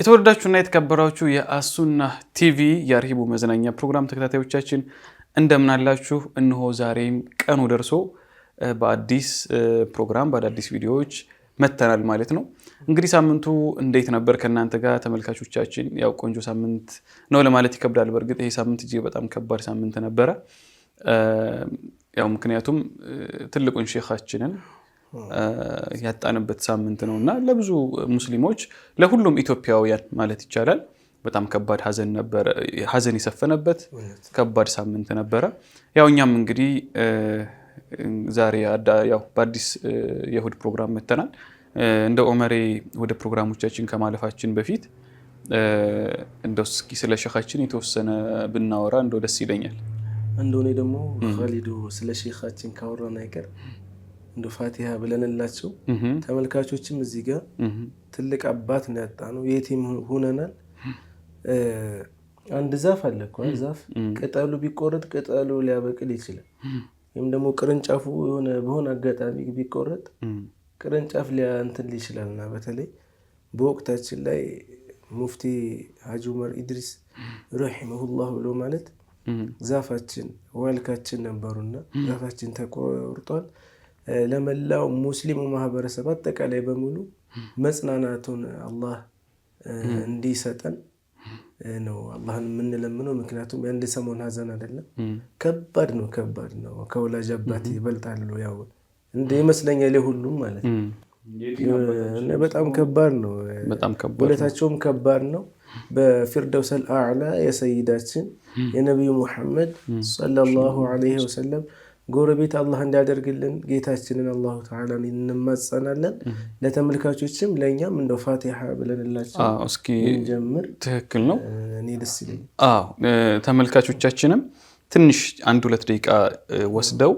የተወደዳችሁና የተከበራችሁ የአሱና ቲቪ የአርሂቡ መዝናኛ ፕሮግራም ተከታታዮቻችን እንደምናላችሁ። እንሆ ዛሬም ቀኑ ደርሶ በአዲስ ፕሮግራም በአዳዲስ ቪዲዮዎች መተናል ማለት ነው። እንግዲህ ሳምንቱ እንዴት ነበር ከእናንተ ጋር ተመልካቾቻችን? ያው ቆንጆ ሳምንት ነው ለማለት ይከብዳል። በእርግጥ ይሄ ሳምንት እጅግ በጣም ከባድ ሳምንት ነበረ። ያው ምክንያቱም ትልቁን ሼኻችንን ያጣንበት ሳምንት ነው እና ለብዙ ሙስሊሞች ለሁሉም ኢትዮጵያውያን ማለት ይቻላል በጣም ከባድ ሀዘን ነበረ። የሰፈነበት ከባድ ሳምንት ነበረ። ያው እኛም እንግዲህ ዛሬ ያው በአዲስ የእሁድ ፕሮግራም መተናል። እንደ ኦመሬ ወደ ፕሮግራሞቻችን ከማለፋችን በፊት እንደ እስኪ ስለ የተወሰነ ብናወራ እንደ ደስ ይለኛል። እንደሆኔ ደግሞ ኸሊዱ ስለ ሼኻችን ካወራን አይቀር እንደ ፋቲሃ ብለንላቸው ተመልካቾችም እዚህ ጋር ትልቅ አባት ነው ያጣ ነው የቲም ሁነናል። አንድ ዛፍ አለ እኮ ዛፍ ቅጠሉ ቢቆረጥ ቅጠሉ ሊያበቅል ይችላል። ወይም ደግሞ ቅርንጫፉ የሆነ በሆነ አጋጣሚ ቢቆረጥ ቅርንጫፍ ሊያንትን ይችላል እና በተለይ በወቅታችን ላይ ሙፍቲ ሀጂ ዑመር ኢድሪስ ረሒመሁላህ ብሎ ማለት ዛፋችን ዋልካችን ነበሩና ዛፋችን ተቆርጧል። ለመላው ሙስሊሙ ማህበረሰብ አጠቃላይ በሙሉ መጽናናቱን አላህ እንዲሰጠን ነው አላህን የምንለምነው። ምክንያቱም የአንድ ሰሞን ሀዘን አይደለም፣ ከባድ ነው፣ ከባድ ነው። ከወላጅ አባት ይበልጣሉ። ያው እንደ ይመስለኛል ሁሉም ማለት ነው። በጣም ከባድ ነው፣ ሁለታቸውም ከባድ ነው። በፊርደውስ አልአዕላ የሰይዳችን የነቢዩ ሙሐመድ ሰለላሁ ዐለይሂ ወሰለም ጎረቤት አላህ እንዲያደርግልን ጌታችንን አላሁ ተዓላን እንማጸናለን። ለተመልካቾችም ለእኛም እንደ ፋቲሓ ብለንላቸው እስኪ ጀምር። ትክክል ነው። እኔ ደስ ይለኛል። ተመልካቾቻችንም ትንሽ አንድ ሁለት ደቂቃ ወስደው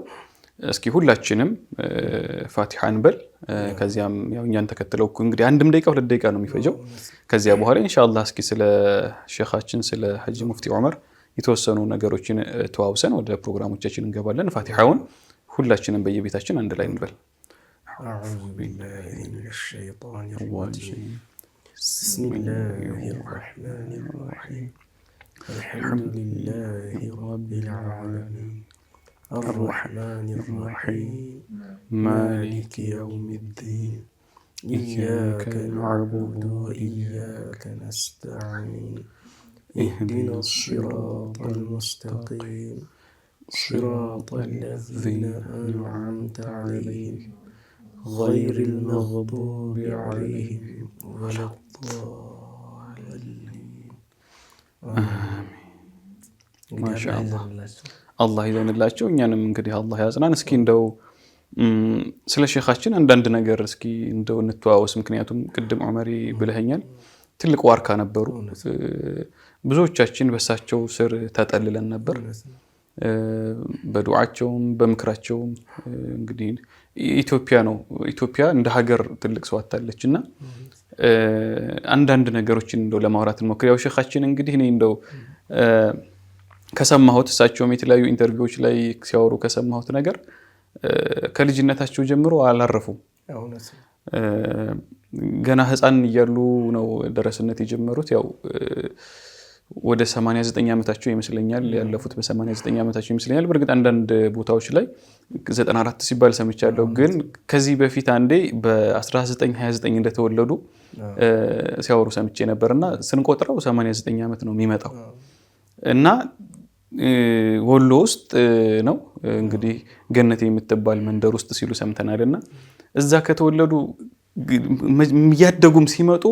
እስኪ ሁላችንም ፋቲሓ እንበል። ከዚያም ያው እኛን ተከትለው እንግዲህ አንድም ደቂቃ ሁለት ደቂቃ ነው የሚፈጀው። ከዚያ በኋላ ኢንሻአላህ እስኪ ስለ ሼኻችን ስለ ሐጂ ሙፍቲ ዑመር የተወሰኑ ነገሮችን ተዋውሰን ወደ ፕሮግራሞቻችን እንገባለን። ፋቲሐውን ሁላችንም በየቤታችን አንድ ላይ እንበል። الرحمن الرحيم مالك يوم الدين إياك نعبد وإياك نستعين اهدنا الصراط المستقيم صراط الذين أنعمت عليهم غير المغضوب عليهم ولا الضالين آمين ما شاء الله الله الله አላህ الله እኛንም እንግዲህ አላህ ያጽናን እስኪ እንደው ስለ ሼኻችን አንዳንድ ነገር እስኪ እንደው እንተዋወስ ምክንያቱም ቅድም ዑመሪ ብለኸኛል ትልቅ ዋርካ ነበሩ። ብዙዎቻችን በእሳቸው ስር ተጠልለን ነበር። በዱዓቸውም በምክራቸውም እንግዲህ ኢትዮጵያ ነው ኢትዮጵያ እንደ ሀገር ትልቅ ሰው አታለች እና አንዳንድ ነገሮችን እንደው ለማውራት እንሞክር። ያው ሼኻችን እንግዲህ እኔ እንደው ከሰማሁት እሳቸውም የተለያዩ ኢንተርቪዎች ላይ ሲያወሩ ከሰማሁት ነገር ከልጅነታቸው ጀምሮ አላረፉም ገና ህፃን እያሉ ነው ደረስነት የጀመሩት። ያው ወደ 89 ዓመታቸው ይመስለኛል ያለፉት በ89 ዓመታቸው ይመስለኛል። በእርግጥ አንዳንድ ቦታዎች ላይ 94 ሲባል ሰምቻለሁ። ግን ከዚህ በፊት አንዴ በ1929 እንደተወለዱ ሲያወሩ ሰምቼ ነበር እና ስንቆጥረው 89 ዓመት ነው የሚመጣው እና ወሎ ውስጥ ነው እንግዲህ ገነት የምትባል መንደር ውስጥ ሲሉ ሰምተናል እና እዛ ከተወለዱ እያደጉም ሲመጡ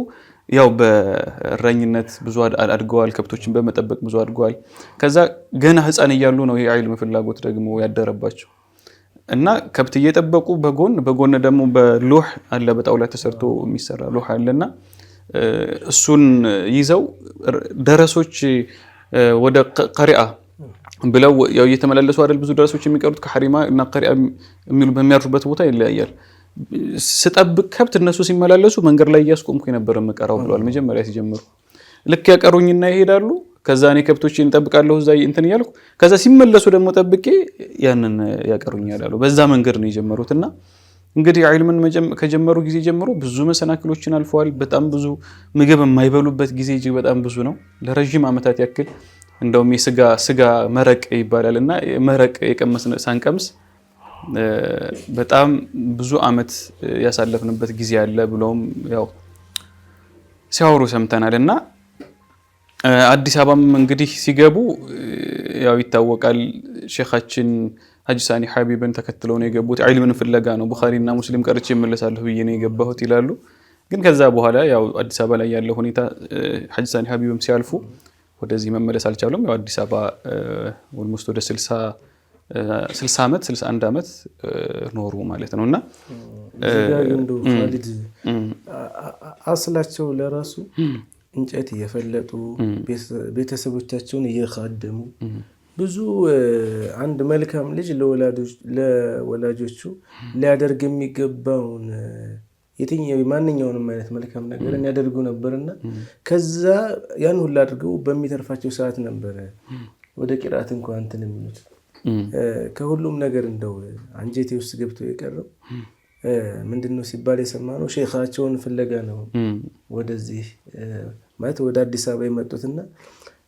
ያው በእረኝነት ብዙ አድገዋል። ከብቶችን በመጠበቅ ብዙ አድገዋል። ከዛ ገና ህፃን እያሉ ነው ይሄ ዒልም ፍላጎት ደግሞ ያደረባቸው እና ከብት እየጠበቁ በጎን በጎን ደግሞ በሎህ አለ በጣውላ ተሰርቶ የሚሰራ ሎህ አለና እሱን ይዘው ደረሶች ወደ ቀሪአ ብለው ያው እየተመላለሱ አይደል ብዙ ደረሶች የሚቀሩት ከሐሪማ እና ቀሪአ የሚሉ በሚያርፉበት ቦታ ይለያያል። ስጠብቅ ከብት እነሱ ሲመላለሱ መንገድ ላይ እያስቆምኩ የነበረ የምቀራው ብለዋል። መጀመሪያ ሲጀምሩ ልክ ያቀሩኝና ይሄዳሉ። ከዛ እኔ ከብቶችን እንጠብቃለሁ እዛ እንትን እያልኩ ከዛ ሲመለሱ ደግሞ ጠብቄ ያንን ያቀሩኛል አሉ። በዛ መንገድ ነው የጀመሩት እና እንግዲህ ዒልምን ከጀመሩ ጊዜ ጀምሮ ብዙ መሰናክሎችን አልፈዋል። በጣም ብዙ ምግብ የማይበሉበት ጊዜ እጅግ በጣም ብዙ ነው። ለረዥም ዓመታት ያክል እንደውም የስጋ መረቅ ይባላል እና መረቅ የቀመስ ሳንቀምስ በጣም ብዙ አመት ያሳለፍንበት ጊዜ አለ ብለውም ያው ሲያወሩ ሰምተናል። እና አዲስ አበባም እንግዲህ ሲገቡ ያው ይታወቃል ሼካችን ሀጅ ሳኒ ሀቢብን ተከትለው ነው የገቡት። ዒልምን ፍለጋ ነው። ቡኻሪና ሙስሊም ቀርቼ እመለሳለሁ ብዬ ነው የገባሁት ይላሉ። ግን ከዛ በኋላ ያው አዲስ አበባ ላይ ያለው ሁኔታ ሀጅ ሳኒ ሀቢብም ሲያልፉ ወደዚህ መመለስ አልቻሉም። ያው አዲስ አበባ ኦልሞስት ወደ ስልሳ ስልሳ ዓመት ስልሳ አንድ ዓመት ኖሩ ማለት ነው እና አስላቸው ለራሱ እንጨት እየፈለጡ ቤተሰቦቻቸውን እየካደሙ ብዙ አንድ መልካም ልጅ ለወላጆቹ ሊያደርግ የሚገባውን የትኛው ማንኛውንም አይነት መልካም ነገር ያደርጉ ነበርና ከዛ ያን ሁላ አድርገው በሚተርፋቸው ሰዓት ነበረ ወደ ቂራት እንኳን እንትን የሚሉት ከሁሉም ነገር እንደው አንጀቴ ውስጥ ገብቶ የቀረው ምንድነው ሲባል የሰማነው ሼካቸውን ፍለጋ ነው ወደዚህ ማለት ወደ አዲስ አበባ የመጡትና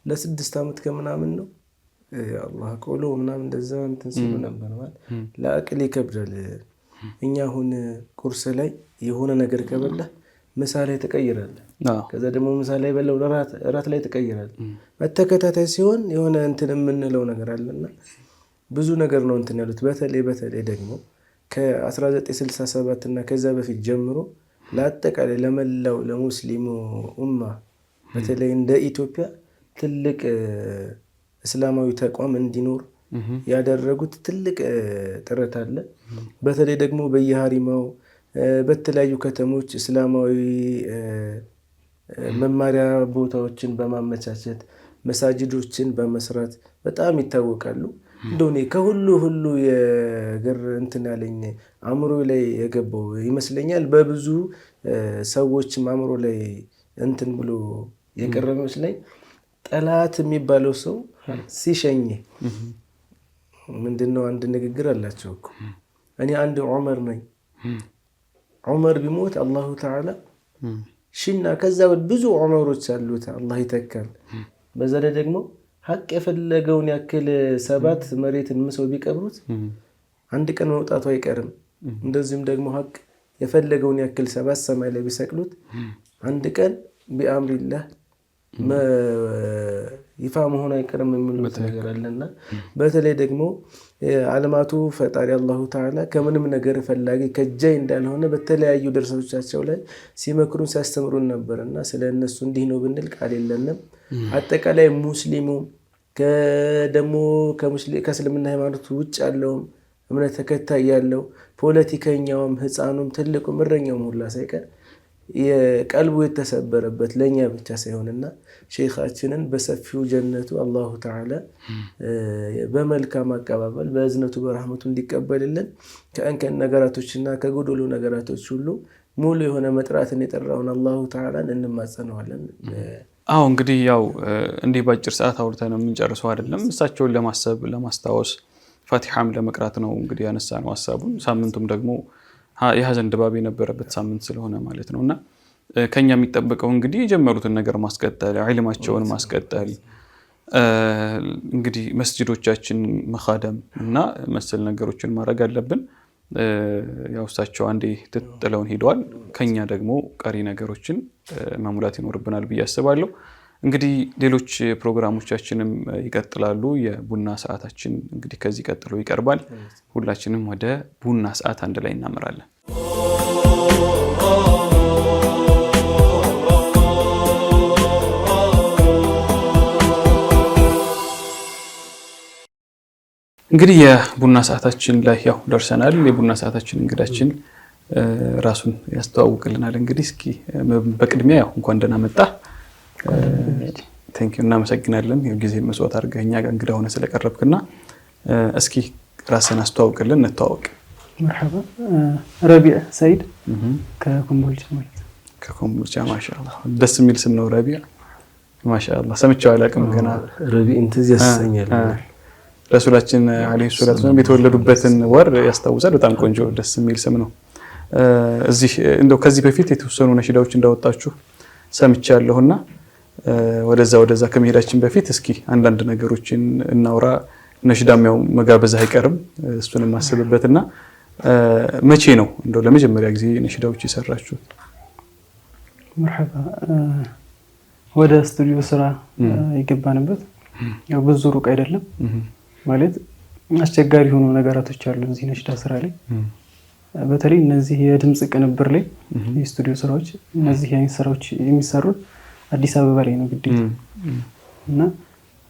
ለስድስት ዓመት ከምናምን ነው አላህ ቆሎ ምናምን እንደዛ እንትን ሲሉ ነበር። ማለት ለአቅል ይከብዳል። እኛ አሁን ቁርስ ላይ የሆነ ነገር ከበላ ምሳ ላይ ትቀይራለህ። ከዛ ደግሞ ምሳ ላይ በለው እራት ላይ ተቀይራል። መተከታታይ ሲሆን የሆነ እንትን የምንለው ነገር አለና ብዙ ነገር ነው እንትን ያሉት። በተለይ በተለይ ደግሞ ከ1967 እና ከዛ በፊት ጀምሮ ለአጠቃላይ ለመላው ለሙስሊሙ ኡማ በተለይ እንደ ኢትዮጵያ ትልቅ እስላማዊ ተቋም እንዲኖር ያደረጉት ትልቅ ጥረት አለ። በተለይ ደግሞ በየሀሪማው በተለያዩ ከተሞች እስላማዊ መማሪያ ቦታዎችን በማመቻቸት መሳጅዶችን በመስራት በጣም ይታወቃሉ። እንደው ከሁሉ ሁሉ የግር እንትን ያለኝ አእምሮ ላይ የገባው ይመስለኛል። በብዙ ሰዎችም አእምሮ ላይ እንትን ብሎ የቀረበ ይመስለኝ ጠላት የሚባለው ሰው ሲሸኝ ምንድነው አንድ ንግግር አላቸው እኮ እኔ አንድ ዑመር ነኝ ዑመር ቢሞት አላሁ ተዓላ ሽና ከዛ ብዙ ዑመሮች አሉት አላህ ይተካል። በዛ ላይ ደግሞ ሀቅ የፈለገውን ያክል ሰባት መሬትን ምሰው ቢቀብሩት አንድ ቀን መውጣቱ አይቀርም። እንደዚሁም ደግሞ ሀቅ የፈለገውን ያክል ሰባት ሰማይ ላይ ቢሰቅሉት አንድ ቀን ቢአምሪላህ ይፋ መሆን አይቀርም የሚሉት ነገር አለና በተለይ ደግሞ አለማቱ ፈጣሪ አላሁ ተዓላ ከምንም ነገር ፈላጊ ከጃይ እንዳልሆነ በተለያዩ ደርሰቶቻቸው ላይ ሲመክሩን ሲያስተምሩን ነበር እና ስለ እነሱ እንዲህ ነው ብንል ቃል የለንም። አጠቃላይ ሙስሊሙ ደግሞ ከእስልምና ሃይማኖት ውጭ ያለውም እምነት ተከታይ ያለው ፖለቲከኛውም፣ ህፃኑም፣ ትልቁም እረኛውም ሁላ ሳይቀር የቀልቡ የተሰበረበት ለእኛ ብቻ ሳይሆንና ሼካችንን በሰፊው ጀነቱ አላሁ ተዓላ በመልካም አቀባበል በእዝነቱ በረህመቱ እንዲቀበልልን ከእንከን ነገራቶችና ከጎደሉ ነገራቶች ሁሉ ሙሉ የሆነ መጥራትን የጠራውን አላሁ ተዓላን እንማጸነዋለን። አሁ እንግዲህ ያው እንዲህ በአጭር ሰዓት አውርተን የምንጨርሰው አይደለም። እሳቸውን ለማሰብ ለማስታወስ ፋቲሓም ለመቅራት ነው እንግዲህ ያነሳ ነው ሀሳቡን። ሳምንቱም ደግሞ የሀዘን ድባብ የነበረበት ሳምንት ስለሆነ ማለት ነው እና ከኛ የሚጠበቀው እንግዲህ የጀመሩትን ነገር ማስቀጠል፣ ዕልማቸውን ማስቀጠል እንግዲህ መስጅዶቻችን መካደም እና መሰል ነገሮችን ማድረግ አለብን። ያው እሳቸው አንዴ ትጥለውን ሄደዋል። ከኛ ደግሞ ቀሪ ነገሮችን መሙላት ይኖርብናል ብዬ አስባለሁ። እንግዲህ ሌሎች ፕሮግራሞቻችንም ይቀጥላሉ። የቡና ሰዓታችን እንግዲህ ከዚህ ቀጥሎ ይቀርባል። ሁላችንም ወደ ቡና ሰዓት አንድ ላይ እናምራለን። እንግዲህ የቡና ሰዓታችን ላይ ያው ደርሰናል። የቡና ሰዓታችን እንግዳችን ራሱን ያስተዋውቅልናል። እንግዲህ እስኪ በቅድሚያ ያው እንኳን ደህና መጣ ቴንክ ዩ እናመሰግናለን። ጊዜ መስዋዕት አድርገህ እኛ ጋር እንግዳ ሆነ ስለቀረብክና እስኪ ራስን አስተዋውቅልን እንተዋወቅ። መርሐባ ረቢዕ ሰይድ ከኮምቦልቻ ማለት ነው። ከኮምቦልቻ ደስ የሚል ስም ነው ረቢዕ። ማሻአላ ሰምቼው አላውቅም ገና ረቢዕ ያሰኛል። ረሱላችን ሰላቱ ወሰላም የተወለዱበትን ወር ያስታውሳል። በጣም ቆንጆ ደስ የሚል ስም ነው። እዚህ እንደው ከዚህ በፊት የተወሰኑ ነሽዳዎች እንዳወጣችሁ ሰምቻለሁና ወደዛ ወደዛ ከመሄዳችን በፊት እስኪ አንዳንድ ነገሮችን እናውራ። ነሽዳሚያው መጋበዝ አይቀርም እሱን የማስብበት እና መቼ ነው እንደው ለመጀመሪያ ጊዜ ነሽዳዎች የሰራችሁት? መርሐባ ወደ ስቱዲዮ ስራ የገባንበት ያው ብዙ ሩቅ አይደለም ማለት አስቸጋሪ የሆኑ ነገራቶች አሉ እዚህ ነሽዳ ስራ ላይ በተለይ እነዚህ የድምፅ ቅንብር ላይ የስቱዲዮ ስራዎች እነዚህ አይነት ስራዎች የሚሰሩት አዲስ አበባ ላይ ነው ግዴታ እና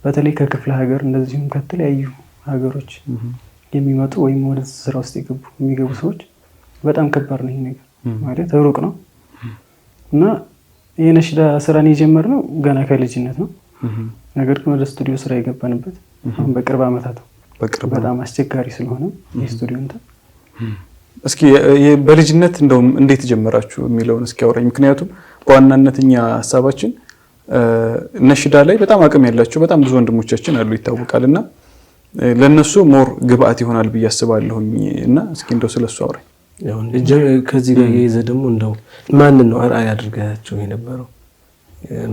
በተለይ ከክፍለ ሀገር እንደዚሁም ከተለያዩ ሀገሮች የሚመጡ ወይም ወደ ስራ ውስጥ የገቡ የሚገቡ ሰዎች በጣም ከባድ ነው ይሄ ነገር ማለት ሩቅ ነው እና የነሽዳ ስራን የጀመርነው ገና ከልጅነት ነው። ነገር ግን ወደ ስቱዲዮ ስራ የገባንበት አሁን በቅርብ ዓመታት በጣም አስቸጋሪ ስለሆነ የስቱዲዮ እስኪ በልጅነት እንደውም እንዴት ጀመራችሁ የሚለውን እስኪ አውራኝ ምክንያቱም በዋናነት እኛ ሀሳባችን ነሽዳ ላይ በጣም አቅም ያላቸው በጣም ብዙ ወንድሞቻችን አሉ ይታወቃል እና ለእነሱ ሞር ግብአት ይሆናል ብዬ አስባለሁኝ እና እስኪ እንደው ስለሱ አውራኝ። ከዚህ ጋር የይዘ ደግሞ እንደው ማንን ነው አርአይ አድርጋቸው የነበረው?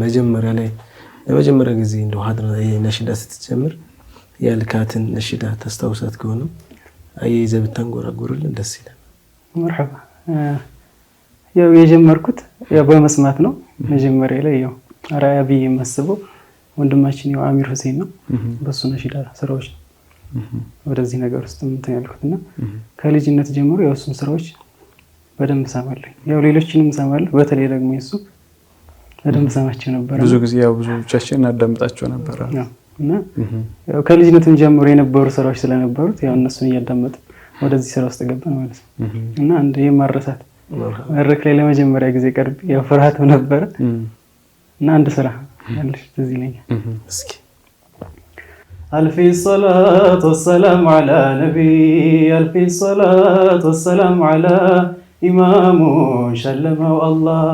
መጀመሪያ ላይ ለመጀመሪያ ጊዜ እንደው ሀድራ ነሽዳ ስትጀምር የልካትን ነሽዳ ተስታውሳት ከሆነም አየይዘ ብታንጎራጎርልን ደስ ይላል። መርሐባ ያው የጀመርኩት ያው በመስማት ነው። መጀመሪያ ላይ ያው አርአያ ብዬ የማስበው ወንድማችን ያው አሚር ሁሴን ነው። በሱ ነሺዳ ስራዎች ወደዚህ ነገር ውስጥ እንትን ያልኩት እና ከልጅነት ጀምሮ ያው እሱን ስራዎች በደንብ ሰማለሁ። ያው ሌሎችንም ሰማለሁ። በተለይ ደግሞ የሱ በደንብ ሰማቸው ነበር። ብዙ ጊዜ ያው ብዙዎቻችን እናዳምጣቸው ነበር እና ያው ከልጅነትም ጀምሮ የነበሩ ስራዎች ስለነበሩት ያው እነሱን እያዳመጥን ወደዚህ ስራ ውስጥ ገባን ማለት ነው እና አንድ የማረሳት መድረክ ላይ ለመጀመሪያ ጊዜ ቀርብ ያው ፍርሃትም ነበረ እና አንድ ስራ ያለሽ ትዝ ይለኛል። አልፊ ሰላት ወሰላም ዐላ ነቢይ አልፊ ሰላት ወሰላም ዐላ ኢማሙ ሸለመው አላህ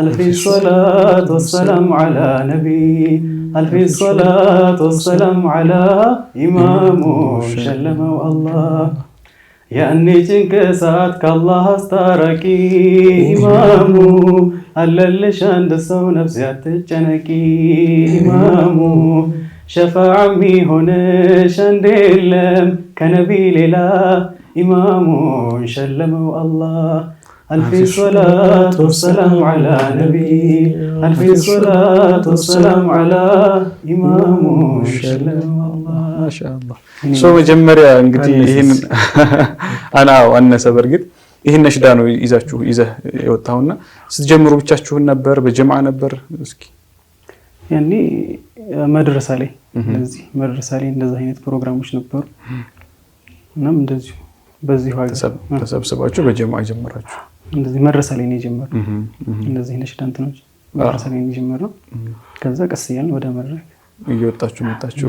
አልፊ ሰላት ወሰላም ዐላ ነቢይ አልፊ ሰላት ወሰላም ዐላ ኢማሙ ሸለመው አላህ ያኔ ጭንቅ ሰዓት ካላህ አስታራቂ ኢማሙ አለልሽ አንድ ሰው ነፍስ ያትጨነቂ ኢማሙ ሸፋዓ ሚሆንሽ አንድ የለም ከነቢ ሌላ ኢማሙን ሸለመው አላህ አልፊ ሰላት ወሰላም ዐላ ነቢይ አልፊ ሰላት ወሰላም ዐላ ኢማሙ መጀመሪያ እንግዲህ ይህን አናው አነሰ በእርግጥ ይህን ነሽዳ ነው ይዛችሁ ይዘህ የወጣሁና ስትጀምሩ ብቻችሁን ነበር በጀምዓ ነበር? እስኪ ያኔ መድረሳ ላይ እንደዚህ መድረሳ ላይ እንደዚህ አይነት ፕሮግራሞች ነበሩ። እናም እንደዚሁ በዚሁ ተሰብስባችሁ በጀምዓ ጀመራችሁ። እንደዚህ መድረሳ ላይ ነው የጀመርነው። እንደዚህ ነሽዳንት ነው መድረሳ ላይ ነው ከዛ ቀስ እያልን ወደ መድረክ እየወጣችሁ መጣችሁ።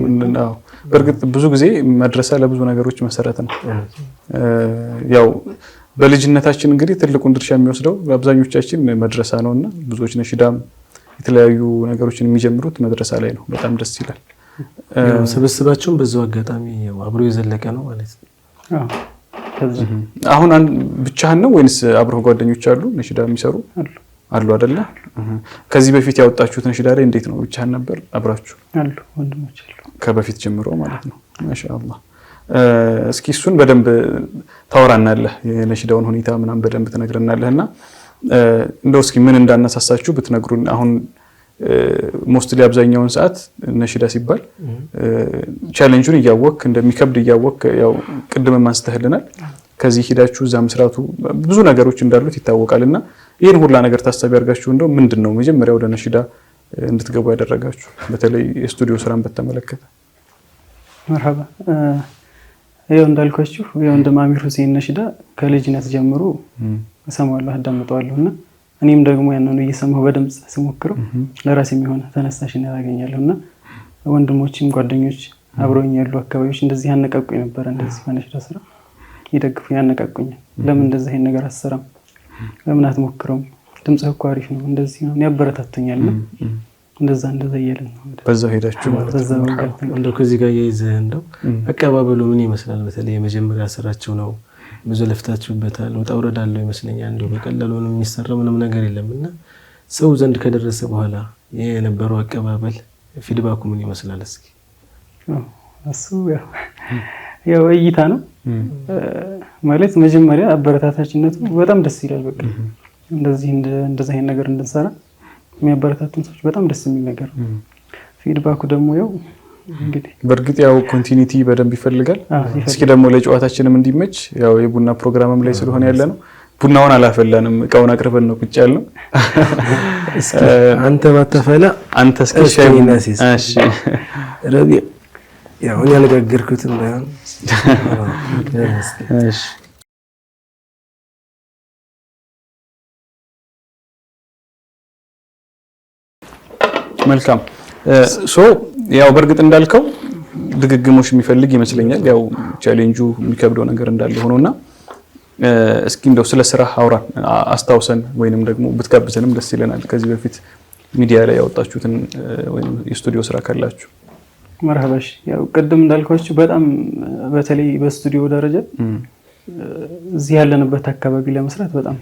በእርግጥ ብዙ ጊዜ መድረሰ ለብዙ ነገሮች መሰረት ነው። ያው በልጅነታችን እንግዲህ ትልቁን ድርሻ የሚወስደው አብዛኞቻችን መድረሳ ነው እና ብዙዎች ነሽዳም የተለያዩ ነገሮችን የሚጀምሩት መድረሳ ላይ ነው። በጣም ደስ ይላል። ስብስባቸውን በዛው አጋጣሚ አብሮ የዘለቀ ነው ማለት ነው። አሁን ብቻህን ነው ወይንስ አብረው ጓደኞች አሉ? ነሽዳ የሚሰሩ አሉ አደለ ከዚህ በፊት ያወጣችሁት ነሽዳ ላይ እንዴት ነው? ብቻህን ነበር አብራችሁ? አሉ ወንድሞች አሉ፣ ከበፊት ጀምሮ ማለት ነው። ማሻአላ እስኪ እሱን በደንብ ታወራናለህ፣ የነሽዳውን ሁኔታ ምናምን በደንብ ትነግረናለህ እና እንደው እስኪ ምን እንዳነሳሳችሁ ብትነግሩን አሁን ሞስትሊ አብዛኛውን ሰዓት ነሽዳ ሲባል ቻሌንጁን እያወክ እንደሚከብድ እያወክ ያው ቅድምም ከዚህ ሂዳችሁ እዛ መስራቱ ብዙ ነገሮች እንዳሉት ይታወቃል። እና ይህን ሁላ ነገር ታሳቢ ያርጋችሁ እንደው ምንድን ነው መጀመሪያ ወደ ነሽዳ እንድትገቡ ያደረጋችሁ በተለይ የስቱዲዮ ስራን በተመለከተ? መርሐባ ያው እንዳልኳችሁ ያው አሚር ሁሴን ነሽዳ ከልጅነት ጀምሮ እሰማዋለሁ አዳምጠዋለሁ እና እኔም ደግሞ ያንኑ እየሰማሁ በድምፅ ስሞክረው ለራሴ የሚሆነ ተነሳሽነት አገኛለሁ እና ወንድሞችም ጓደኞች አብረኝ ያሉ አካባቢዎች እንደዚህ ያነቃቁኝ ነበረ። እንደዚህ በነሽዳ ስራ ይደግፉ ያነቃቁኛል። ለምን እንደዚህ ይሄን ነገር አሰራም? ለምን አትሞክረውም? ድምፅህ እኮ አሪፍ ነው፣ እንደዚህ ነው ያበረታቱኛል። እንደዛ እንደዛ እያልን ነው በዛው ሄዳችሁ ማለት ነው። እንደው ከዚህ ጋር የይዘህ እንደው አቀባበሉ ምን ይመስላል? በተለይ የመጀመሪያ ስራቸው ነው ብዙ ለፍታችሁበታል። ወጣ ውረድ አለው ይመስለኛል። እንዲሁ በቀላሉ ነው የሚሰራ ምንም ነገር የለም እና ሰው ዘንድ ከደረሰ በኋላ የነበረው አቀባበል ፊድባኩ ምን ይመስላል? እስኪ እሱ ያው እይታ ነው ማለት መጀመሪያ አበረታታችነቱ በጣም ደስ ይላል። በቃ እንደዚህ እንደዚህ አይነት ነገር እንድንሰራ የሚያበረታቱን ሰዎች በጣም ደስ የሚል ነገር ነው። ፊድባኩ ደግሞ ያው በእርግጥ ያው ኮንቲኒቲ በደንብ ይፈልጋል። እስኪ ደግሞ ለጨዋታችንም እንዲመች ያው የቡና ፕሮግራምም ላይ ስለሆነ ያለ ነው። ቡናውን አላፈላንም፣ እቃውን አቅርበን ነው ቁጭ ያልነው። አንተ ባታፈላ አንተ እስኪ ሻይ ያነጋገርኩትም ባይሆን መልካም ሶ ያው በእርግጥ እንዳልከው ድግግሞሽ የሚፈልግ ይመስለኛል። ያው ቻሌንጁ የሚከብደው ነገር እንዳለ ሆኖና እስኪ እንደው ስለ ስራ አውራን አስታውሰን ወይንም ደግሞ ብትጋብዘንም ደስ ይለናል። ከዚህ በፊት ሚዲያ ላይ ያወጣችሁትን ወይም የስቱዲዮ ስራ ካላችሁ መርሃባሽ። ያው ቅድም እንዳልኳችሁ በጣም በተለይ በስቱዲዮ ደረጃ እዚህ ያለንበት አካባቢ ለመስራት በጣም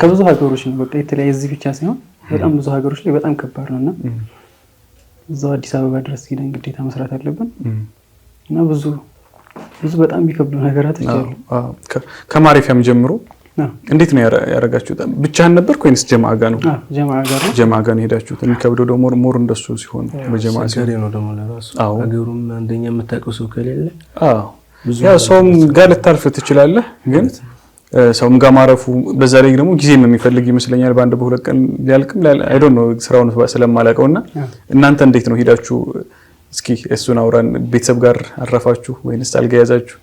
ከብዙ ሀገሮች ነው በቃ የተለያየ እዚህ ብቻ ሳይሆን በጣም ብዙ ሀገሮች ላይ በጣም ከባድ ነው እና እዛው አዲስ አበባ ድረስ ሄደን ግዴታ መስራት አለብን እና ብዙ ብዙ በጣም የሚከብዱ ነገራት ይቻሉ። ከማረፊያም ጀምሮ እንዴት ነው ያደረጋችሁት? ብቻህን ነበር ወይንስ ጀማአ ጋር ነው? ጀማአ ጋር ነው ሄዳችሁት? የሚከብደው ደግሞ ሞር እንደሱ ሲሆን በጀማአ ነው ደግሞ ለራሱ ሀገሩም አንደኛ የምታውቀው ሰው ከሌለ ሰውም ጋር ልታልፍ ትችላለህ ግን ሰውም ጋር ማረፉ በዛ ላይ ደግሞ ጊዜም የሚፈልግ ይመስለኛል። በአንድ በሁለት ቀን ሊያልቅም አይ ነው ስራውን ስለማላውቀው እና እናንተ እንዴት ነው ሂዳችሁ? እስኪ እሱን አውራን ቤተሰብ ጋር አረፋችሁ ወይንስ አልገያዛችሁ?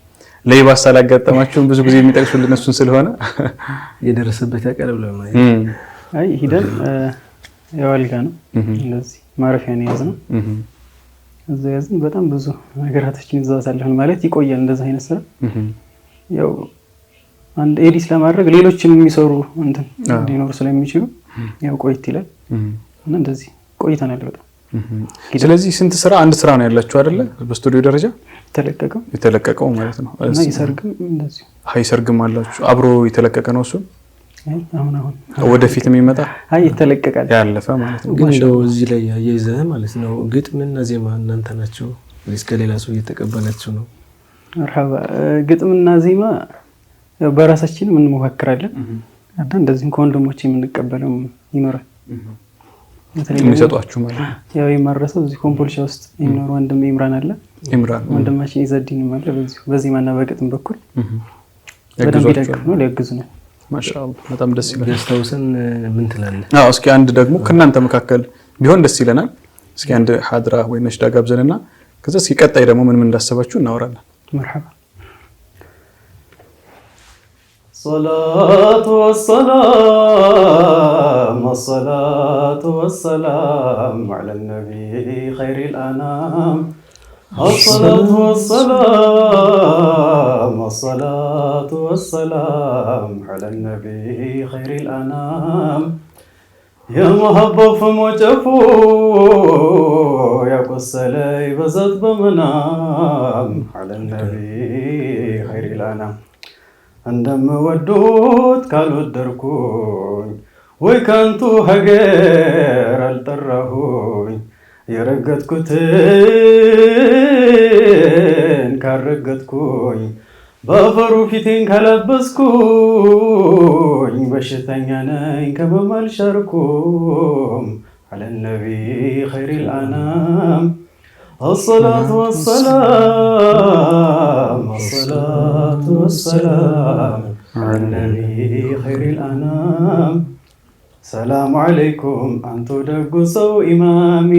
ሌባስ አላጋጠማችሁም? ብዙ ጊዜ የሚጠቅሱልን እሱን ስለሆነ የደረሰበት ያቀል ብለ አይ ሂደን ያው አልጋ ነው እንደዚህ ማረፊያ ነው ነው እዛ ያዝን በጣም ብዙ ነገራቶችን እዛ አሳለፍን ማለት ይቆያል እንደዚህ አይነት ስራ ያው አንድ ኤዲት ለማድረግ ሌሎችም የሚሰሩ እንትን ሊኖር ስለሚችሉ ያው ቆይት ይላል እና እንደዚህ ቆይተናል በጣም። ስለዚህ ስንት ስራ አንድ ስራ ነው ያላችሁ አይደለ? በስቱዲዮ ደረጃ የተለቀቀው የተለቀቀው ማለት ነው። እና ይሰርግም እንደዚህ አይ ይሰርግም አላችሁ አብሮ የተለቀቀ ነው እሱም አሁን አሁን ወደፊት የሚመጣ ይተለቀቃል ያለፈ ማለት ነው። ግን እንደው እዚህ ላይ ያያይዘህ ማለት ነው ግጥምና ዜማ እናንተ ናቸው ወይስ ከሌላ ሰው እየተቀበላችሁ ነው? ግጥምና ዜማ በራሳችን እንሞካክራለን እና እንደዚህም ከወንድሞች የምንቀበለው ይኖራል። የሚሰጧችሁ ማለት ያው የማረሰው እዚህ ኮምፖልሻ ውስጥ የሚኖር ወንድም ይምራን አለ። ወንድማችን ይዘድኝ አለ። በዚህ ማና በገጥም በኩል በደንብ ነው ሊያግዙ ነው። ማሻአላ በጣም ደስ ይላል። ደስታውሰን ምን ትላለህ? አዎ እስኪ አንድ ደግሞ ከእናንተ መካከል ቢሆን ደስ ይለናል። እስኪ አንድ ሀድራ ወይ ነሽዳ ጋብዘንና ከዛ እስኪ ቀጣይ ደግሞ ምን ምን እንዳሰባችሁ እናወራለን። መርሐባ صلاة والسلام الصلاة والسلام على النبي خير الأنام الصلاة والسلام الصلاة والسلام على النبي خير الأنام يا محبب مجفو يا قصلي بزد بمنام على النبي خير الأنام እንደምወዱት ካልወደድኩኝ ወይ ከንቱ ሀገር አልጠራሁኝ የረገጥኩትን ካረገጥኩኝ በአፈሩ ፊቴን ካለበስኩኝ በሽተኛ ነኝ ከመማልሸርኩም አለነቢ ኸይሪል አናም አሰላቱ ወሰላም አሰላት ወሰላም አለቢ ኸይሪል አናም ሰላሙ አለይኩም አንቱ ደጉ ሰው ኢማሚ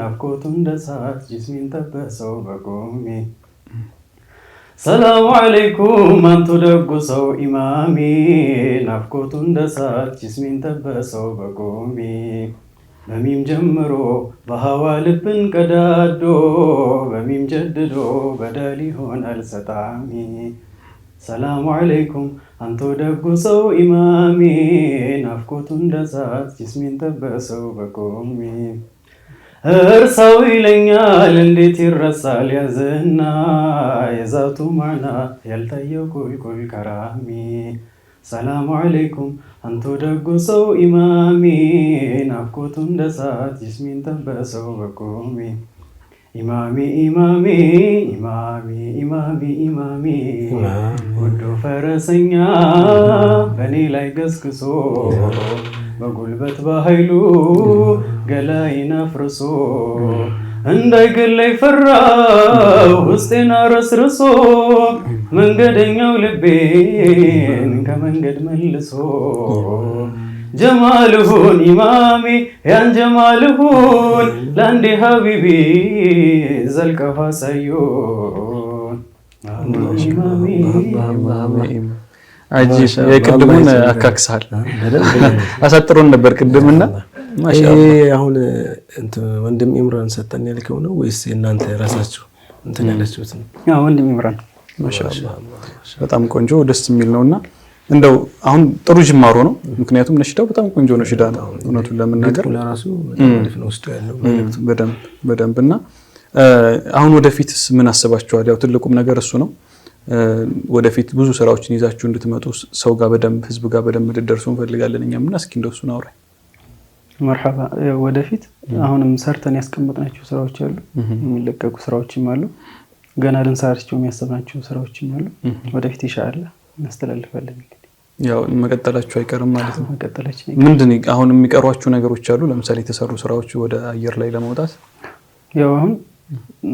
ናፍቆቱ እንደ ሰዓት ጅስሚን ጠበሰው በጎሚ ሰላሙ አለይኩም አንቱ ደጉ ሰው ኢማሚ ናፍቆቱ እንደ ጅስሚን ጠበሰው በጎሚ በሚም ጀምሮ በሀዋ ልብን ቀዳዶ በሚም ጀድዶ በደል ይሆናል ሰጣሚ። ሰላሙ አለይኩም አንቶ ደጉ ሰው ኢማሚ ናፍቆቱ እንደዛት ጅስሜን ጠበሰው በቆሚ። እርሳው ይለኛል እንዴት ይረሳል ያዝና የዛቱ ማና ያልታየው ቁልቁል ከራሚ። ሰላሙ አለይኩም አንቱ ደጉ ሰው ኢማሜ ናፍቆቱ እንደ ሰዓት ጅስሚን ጠበሰው በቆሜ ኢማሜ ኢማሜ ኢማሜ ኢማሜ ኢማሜ ውዱ ፈረሰኛ በእኔ ላይ ገስግሶ በጉልበት በኃይሉ ገላይን አፍርሶ እንዳይገላይ ፈራ ውስጤን አረስርሶ መንገደኛው ልቤን ከመንገድ መልሶ ጀማልሁን ኢማሜ ያን ጀማልሁን ለአንዴ ሀቢቢ ዘልቀፋ ሳዩን የቅድሙን አካክሳል አሳጥሮን ነበር ቅድምና። ይሄ አሁን ወንድም ኢምራን ሰጠን ያልከው ነው ወይስ እናንተ ራሳችሁ እንትን ያለችሁት ነው? ወንድም ኢምራን ማሻአላ በጣም ቆንጆ ደስ የሚል እና እንደው አሁን ጥሩ ጅማሮ ነው። ምክንያቱም ነሽዳው በጣም ቆንጆ ነሽዳ ነው። እውነቱን ለመናገር በደንብ በደንብ እና አሁን ወደፊትስ ምን አስባችኋል? ያው ትልቁም ነገር እሱ ነው። ወደፊት ብዙ ስራዎችን ይዛችሁ እንድትመጡ ሰው ጋር በደንብ ህዝብ ጋር በደንብ እንድደርሱ እንፈልጋለን እኛም እና እስኪ እንደሱ እሱን መርሐባ። ወደፊት አሁንም ሰርተን ያስቀመጥናቸው ስራዎች አሉ፣ የሚለቀቁ ስራዎችም አሉ ገና ልንሰራቸው የሚያሰብናቸው ስራዎችም አሉ። ወደፊት ይሻለ እናስተላልፋለን። ያው መቀጠላችሁ አይቀርም ማለት ነው። መቀጠላችን ምንድን አሁን የሚቀሯችሁ ነገሮች አሉ? ለምሳሌ የተሰሩ ስራዎች ወደ አየር ላይ ለመውጣት ያው አሁን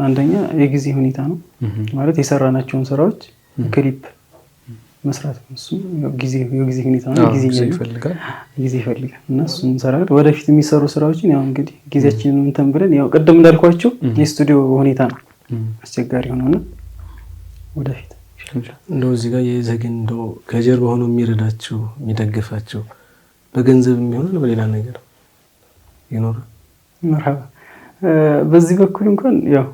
አንደኛ የጊዜ ሁኔታ ነው ማለት የሰራናቸውን ስራዎች ክሊፕ መስራት የጊዜ ሁኔታ ነው። ጊዜ ይፈልጋል እና እሱ እንሰራለን። ወደፊት የሚሰሩ ስራዎችን ያው እንግዲህ ጊዜያችንን እንትን ብለን ያው ቅድም እንዳልኳቸው የስቱዲዮ ሁኔታ ነው አስቸጋሪ ሆነውና ወደፊት እንደው እዚህ ጋር የዘግን እንደው ከጀርባ ሆኖ የሚረዳቸው የሚደግፋቸው በገንዘብ የሚሆን በሌላ ነገር ይኖረ መርሀባ በዚህ በኩል እንኳን ያው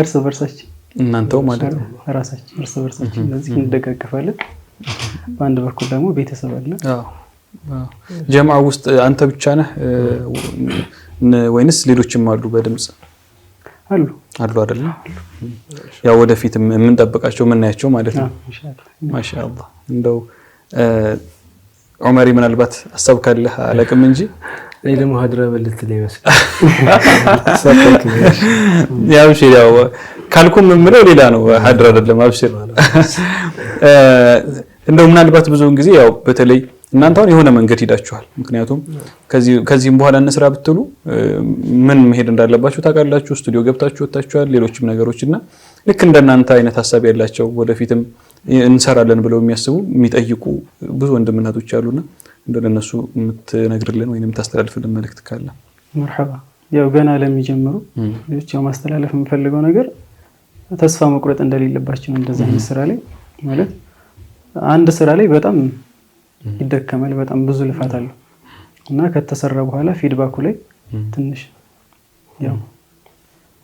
እርስ በርሳችን እናንተው ማለት ነው ራሳችን እርስ በርሳችን በዚህ እንደጋገፋለን። በአንድ በኩል ደግሞ ቤተሰብ አለ። ጀማ ውስጥ አንተ ብቻ ነህ ወይንስ ሌሎችም አሉ በድምፅ አሉ አሉ አይደለ? ያው ወደፊት የምንጠብቃቸው የምናያቸው ማለት ነው። ማሻአላ እንደው ዑመሪ ምናልባት ሀሳብ ካለህ አለቅም እንጂ ላይ ደግሞ ሀድራ በልት ላይ መስል ያው ካልኩም የምለው ሌላ ነው። ሀድራ አይደለም አብሽር። እንደው ምናልባት ብዙውን ጊዜ ያው በተለይ እናንተ አሁን የሆነ መንገድ ሄዳችኋል። ምክንያቱም ከዚህም በኋላ እንስራ ብትሉ ምን መሄድ እንዳለባችሁ ታውቃላችሁ። ስቱዲዮ ገብታችሁ ወጥታችኋል። ሌሎችም ነገሮች እና ልክ እንደናንተ አይነት ሀሳብ ያላቸው ወደፊትም እንሰራለን ብለው የሚያስቡ የሚጠይቁ ብዙ ወንድምናቶች አሉና እንደ ለነሱ የምትነግርልን ወይም የምታስተላልፍልን መልእክት ካለ መርሐባ። ያው ገና ለሚጀምሩ ልጆች ያው ማስተላለፍ የምፈልገው ነገር ተስፋ መቁረጥ እንደሌለባቸው እንደዛ አይነት ስራ ላይ ማለት አንድ ስራ ላይ በጣም ይደከማል። በጣም ብዙ ልፋት አለው እና ከተሰራ በኋላ ፊድባኩ ላይ ትንሽ ያው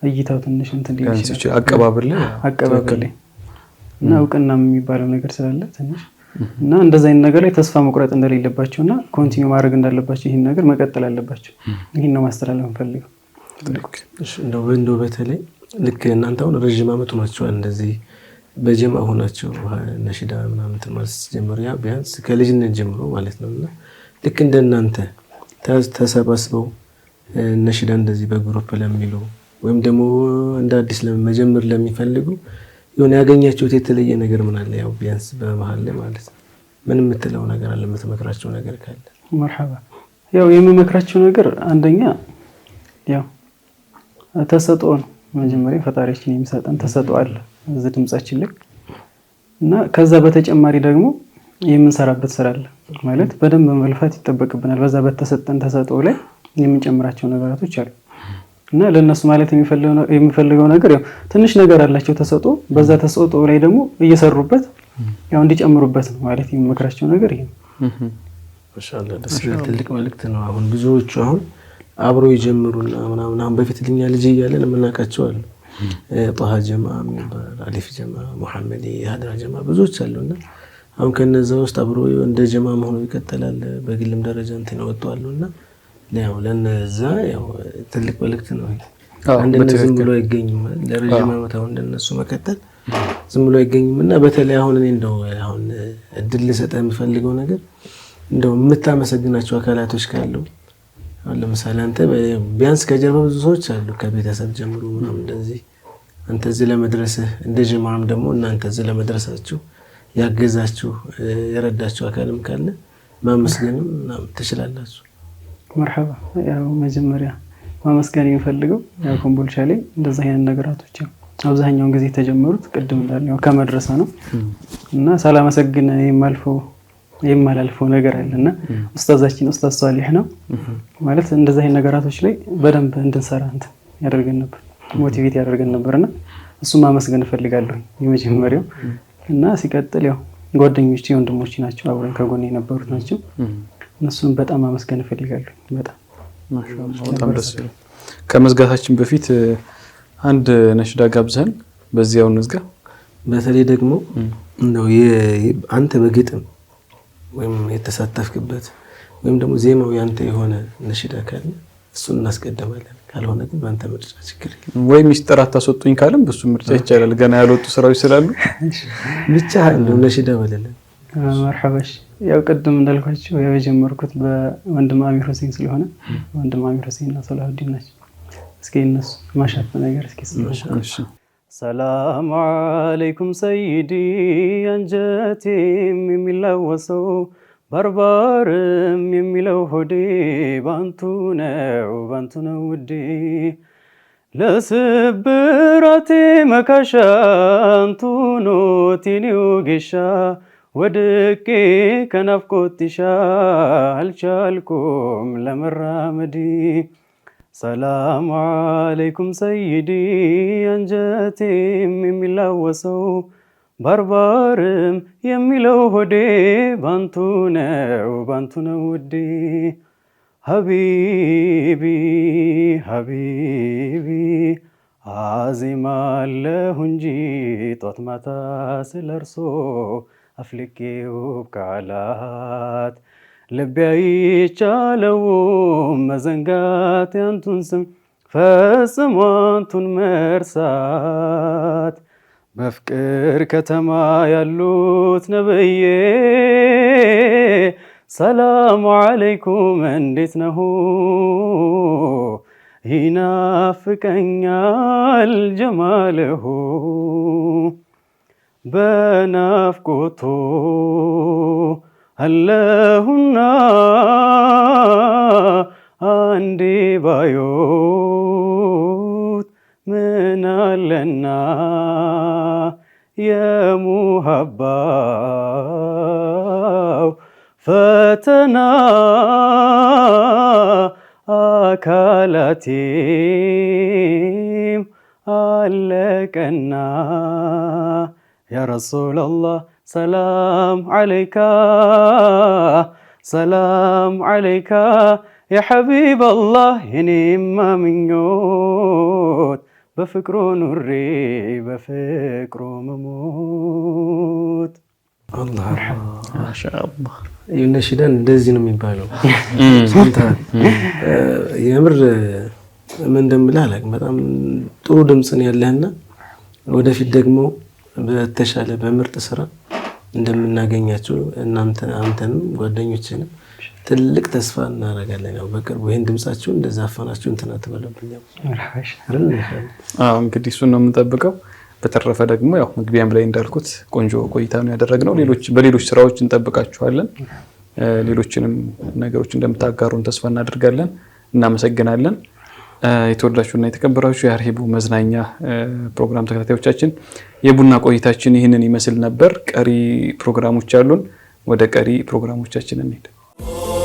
እይታው ትንሽ እንትን አቀባበል ላይ አቀባበል ላይ እና እውቅና የሚባለው ነገር ስላለ ትንሽ እና እንደዚ አይነት ነገር ላይ ተስፋ መቁረጥ እንደሌለባቸው እና ኮንቲኒ ማድረግ እንዳለባቸው ይህን ነገር መቀጠል አለባቸው። ይህን ነው ማስተላለፍ እንፈልገው። እንደው በተለይ ልክ እናንተ አሁን ረዥም ዓመት ሆኗቸዋል እንደዚህ በጀማ ሆናቸው ነሽዳ ምናምን ማለት ጀምር ያ ቢያንስ ከልጅነት ጀምሮ ማለት ነው። እና ልክ እንደናንተ ተሰባስበው ነሽዳ እንደዚህ በግሩፕ ለሚሉ ወይም ደግሞ እንደ አዲስ መጀመር ለሚፈልጉ የሆነ ያገኛችሁት የተለየ ነገር ምን አለ? ያው ቢያንስ በመሀል ላይ ማለት ነው ምን የምትለው ነገር አለ? የምትመክራቸው ነገር ካለ መርሐባ። ያው የምመክራቸው ነገር አንደኛ ያው ተሰጥኦ ነው። መጀመሪያ ፈጣሪያችን የሚሰጠን ተሰጥኦ አለ እዚ ድምጻችን ልክ እና ከዛ በተጨማሪ ደግሞ የምንሰራበት ስራ አለ ማለት በደንብ መልፋት ይጠበቅብናል። በዛ በተሰጠን ተሰጠው ላይ የምንጨምራቸው ነገራቶች አሉ እና ለእነሱ ማለት የሚፈልገው ነገር ያው ትንሽ ነገር አላቸው ተሰጦ በዛ ተሰጦ ላይ ደግሞ እየሰሩበት ያው እንዲጨምሩበት ነው ማለት የሚመክራቸው ነገር ይሄ ነው። ደስ ይላል። ትልቅ መልእክት ነው። አሁን ብዙዎቹ አሁን አብረው ይጀምሩና ምናምን አሁን በፊት ልኛ ልጅ እያለን የምናውቃቸው አሉ ጣሃ ጀማ የሚባል አሊፍ ጀማ፣ ሙሐመዲ፣ ሀድራ ጀማ ብዙዎች አሉና አሁን ከነዛ ውስጥ አብሮ እንደ ጀማ መሆኑ ይቀጥላል። በግልም ደረጃ እንትን ወጥቷሉና ያው ለነዛ ያው ትልቅ መልዕክት ነው። አንድነት ዝም ብሎ አይገኝም። ለረጅም ዓመት አሁን እንደነሱ መከተል ዝም ብሎ አይገኝም እና በተለይ አሁን እኔ እንደው አሁን እድል ልሰጠ የምፈልገው ነገር እንደው የምታመሰግናቸው አካላቶች ካለው ለምሳሌ አንተ ቢያንስ ከጀርባ ብዙ ሰዎች አሉ፣ ከቤተሰብ ጀምሮ ምናምን እንደዚህ አንተ እዚህ ለመድረስህ እንደ ጅማም ደግሞ እናንተ እዚህ ለመድረሳችሁ ያገዛችሁ የረዳችሁ አካልም ካለ ማመስገንም ትችላላችሁ። መርሐባ። ያው መጀመሪያ ማመስገን የሚፈልገው ያው ኮምቦልቻ ላይ እንደዛ አይነት ነገራቶች አብዛኛውን ጊዜ የተጀመሩት ቅድም እንዳልነው ከመድረሳ ነው እና ሳላመሰግን የማልፈው የማላልፈው ነገር አለና ኡስታዛችን ኡስታዝ ሷሊህ ነው ማለት እንደዚህ አይነት ነገራቶች ላይ በደንብ እንድንሰራ እንትን ያደርገን ነበር፣ ሞቲቬት ያደርገን ነበርና እሱም ማመስገን እፈልጋለሁ የመጀመሪያው እና ሲቀጥል ያው ጓደኞቼ ወንድሞቼ ናቸው፣ አብረን ከጎን የነበሩት ናቸው። እነሱንም በጣም ማመስገን እፈልጋለሁ። በጣም በጣም ደስ ይላል። ከመዝጋታችን በፊት አንድ ነሽዳ ጋብዘን በዚያው እንዝጋ። በተለይ ደግሞ እንደው አንተ በግጥም ወይም የተሳተፍክበት ወይም ደግሞ ዜማው ያንተ የሆነ ነሽዳ ካለ እሱን እናስቀድማለን። ካልሆነ ግን በአንተ ምርጫ ችግር ወይ ሚስጥር አታስወጡኝ ካለም በሱ ምርጫ ይቻላል። ገና ያልወጡ ስራዎች ስላሉ ብቻ አለው ነሽዳ በለለን። መርሐባሽ ያው ቅድም እንዳልኳቸው ያው የጀመርኩት በወንድም አሚር ሁሴን ስለሆነ ወንድም አሚር ሁሴን እና ሰላሁዲን ናቸው። እስኪ እነሱ ማሻፍ ነገር እስኪ ሰላም አለይኩም ሰይዲ አንጀቴም የሚላወሰው ባርባርም የሚለው ሆዴ ባንቱ ነው ባንቱ ነው ውዴ ለስብራቴ መካሻ አንቱ ኖት ጌሻ ወድቄ ከናፍቆት ይሻ አልቻልኩም ለመራመዲ ሰላም አለይኩም ሰይዲ አንጀቴም የሚላወሰው ባርባርም የሚለው ሆዴ ባንቱ ነው ባንቱ ነው ውዴ ሀቢቢ ሀቢቢ አዚማለሁ እንጂ ጧት ማታ ስለርሶ አፍልቄ ውብ ቃላት ልቤ አይቻለውም መዘንጋት ያንቱን ስም ፈጽሞ አንቱን መርሳት በፍቅር ከተማ ያሉት ነብዬ ሰላሙ አለይኩም እንዴት ነሁ? ይናፍቀኛል ጀማልሁ በናፍቆቶ አለሁና አንዴ ባዮት ምናለና የሙሀባው ፈተና አካላቴም አለቀና ያ ረሱላላህ سلام عليك سلام عليك يا حبيب الله هني ما من يوت بفكره نري بفكره مموت الله ما شاء الله يقولنا ينشدان دازين من بالو يمر من دم لا لك مدام طول دم سنين لنا وده في الدقمو بتشعل بمرت سرق እንደምናገኛቸው እናንተንም ጓደኞችንም ትልቅ ተስፋ እናደርጋለን። ያው በቅርቡ ይህን ድምጻችሁን እንደዛ አፈናችሁ እንትን አትበለብኛ። እንግዲህ እሱን ነው የምንጠብቀው። በተረፈ ደግሞ ያው መግቢያም ላይ እንዳልኩት ቆንጆ ቆይታ ነው ያደረግነው። ሌሎች በሌሎች ስራዎች እንጠብቃችኋለን። ሌሎችንም ነገሮች እንደምታጋሩን ተስፋ እናደርጋለን። እናመሰግናለን። የተወደዳችሁና የተከበራችሁ የአርሂቡ መዝናኛ ፕሮግራም ተከታታዮቻችን የቡና ቆይታችን ይህንን ይመስል ነበር። ቀሪ ፕሮግራሞች አሉን። ወደ ቀሪ ፕሮግራሞቻችን እንሄድ።